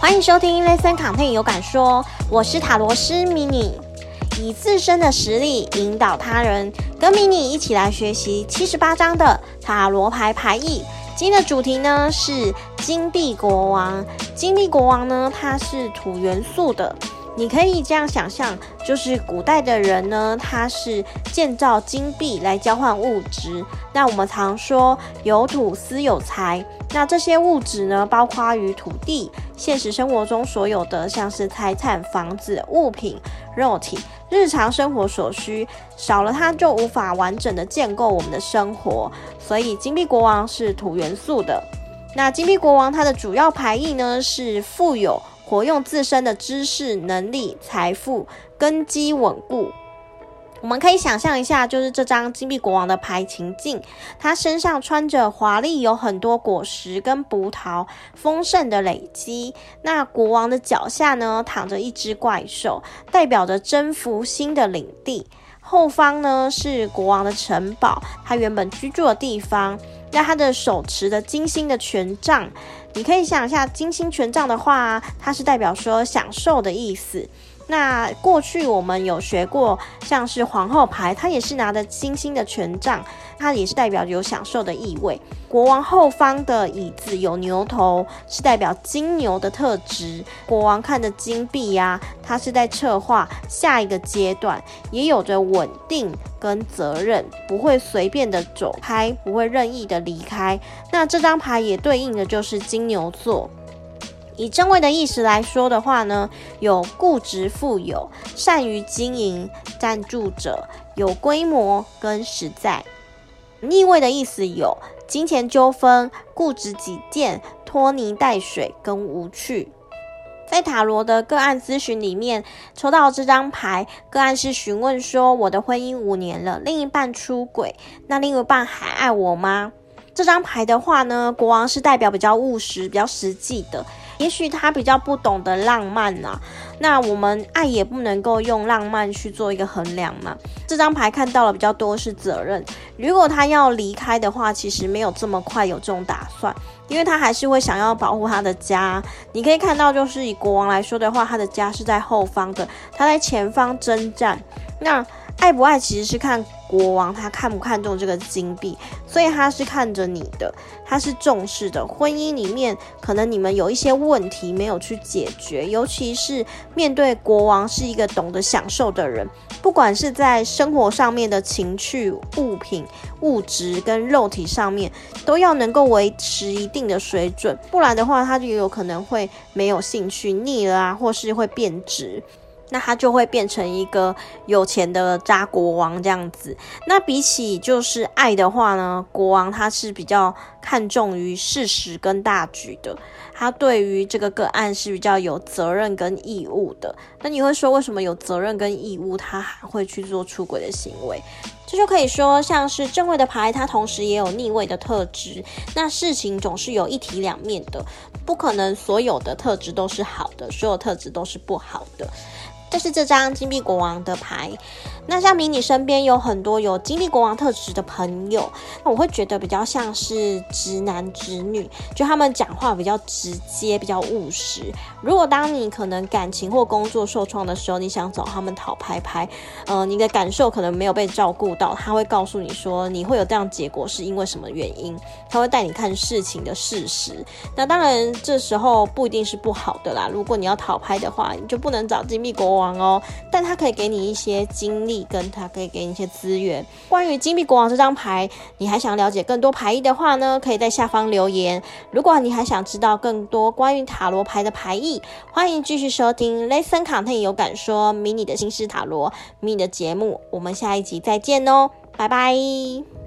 歡迎收聽《ListenContent 有感說》，我是塔羅師 mini，以自身的實力引導他人。跟 mini 一起來學習七十八張的塔羅牌牌意。今天的主題呢是金幣國王，金幣國王呢它是土元素的。你可以這樣想象，就是古代的人呢，他是建造金幣來交換物質。那我們常說有土斯有財，那這些物質呢，包括於土地，現實生活中所有的，像是財產、房子、物品、肉體、日常生活所需，少了它就無法完整的建構我們的生活。所以金幣國王是土元素的。那金幣國王它的主要牌意呢，是富有。活用自身的知識、能力、財富，根基穩固。我們可以想象一下，就是這張金幣國王的牌情境，他身上穿着華麗，有很多果實跟葡萄，豐盛的累積。那國王的腳下呢，躺着一隻怪獸，代表着征服新的領地。後方呢，是國王的城堡，他原本居住的地方。那他的手持着金星的權杖。你可以想一下金星權杖的話啊，它是代表說享受的意思。那過去我們有學過，像是皇後牌，它也是拿着星星的權杖，它也是代表有享受的意味。國王後方的椅子有牛頭，是代表金牛的特質。國王看的金幣呀、啊，它是在策劃下一個階段，也有着穩定跟責任，不會隨便的走開，不會任意的離開。那這張牌也對應的就是金牛座。以正位的意思來說的話呢，有固執、富有、善於經營、贊助者、有規模跟實在。逆位的意思有金錢糾紛、固執己見、拖泥帶水跟無趣。在塔羅的個案諮詢裡面抽到這張牌，個案是詢問說：“我的婚姻五年了，另一半出軌，那另一半還愛我嗎？”這張牌的話呢，國王是代表比較務實、比較實際的。也許他比較不懂得浪漫吶、啊，那我們愛也不能夠用浪漫去做一個衡量嘛。這張牌看到了比較多是責任。如果他要離開的話，其實沒有這麼快有這種打算，因為他還是會想要保護他的家。你可以看到，就是以國王來說的話，他的家是在後方的，他在前方征戰。那愛不愛其實是看國王他看不看重這個金幣，所以他是看着你的，他是重視的。婚姻裡面可能你們有一些問題沒有去解決，尤其是面對國王是一個懂得享受的人，不管是在生活上面的情趣物品、物質跟肉體上面，都要能夠維持一定的水準，不然的話，他就有可能會沒有興趣、膩了啊，或是會變質。那他就會變成一個有錢的渣國王這樣子。那比起就是愛的話呢，國王他是比較看重於事實跟大局的。他對於這個個案是比較有責任跟義務的。那你會說，為什麼有責任跟義務，他還會去做出軌的行為？這就可以說，像是正位的牌，它同時也有逆位的特質。那事情總是有一體兩面的，不可能所有的特質都是好的，所有的特質都是不好的。這是這張金幣國王的牌，那像迷你身邊有很多有金幣國王特質的朋友，那我會覺得比較像是直男直女，就他們講話比較直接，比較務實。如果當你可能感情或工作受創的時候，你想找他們討拍拍，呃，你的感受可能沒有被照顧到，他會告訴你說，你會有這樣結果是因為什麼原因，他會帶你看事情的事實。那當然這時候不一定是不好的啦，如果你要討拍的話，你就不能找金幣國王。王哦，但他可以給你一些精力，跟他可以給你一些資源。關於金幣國王這張牌，你還想了解更多牌意的話呢？可以在下方留言。如果你還想知道更多關於塔羅牌的牌意，歡迎繼續收聽 ListenContent 有感說迷你的新式塔羅迷你的節目。我們下一集再見哦，拜拜。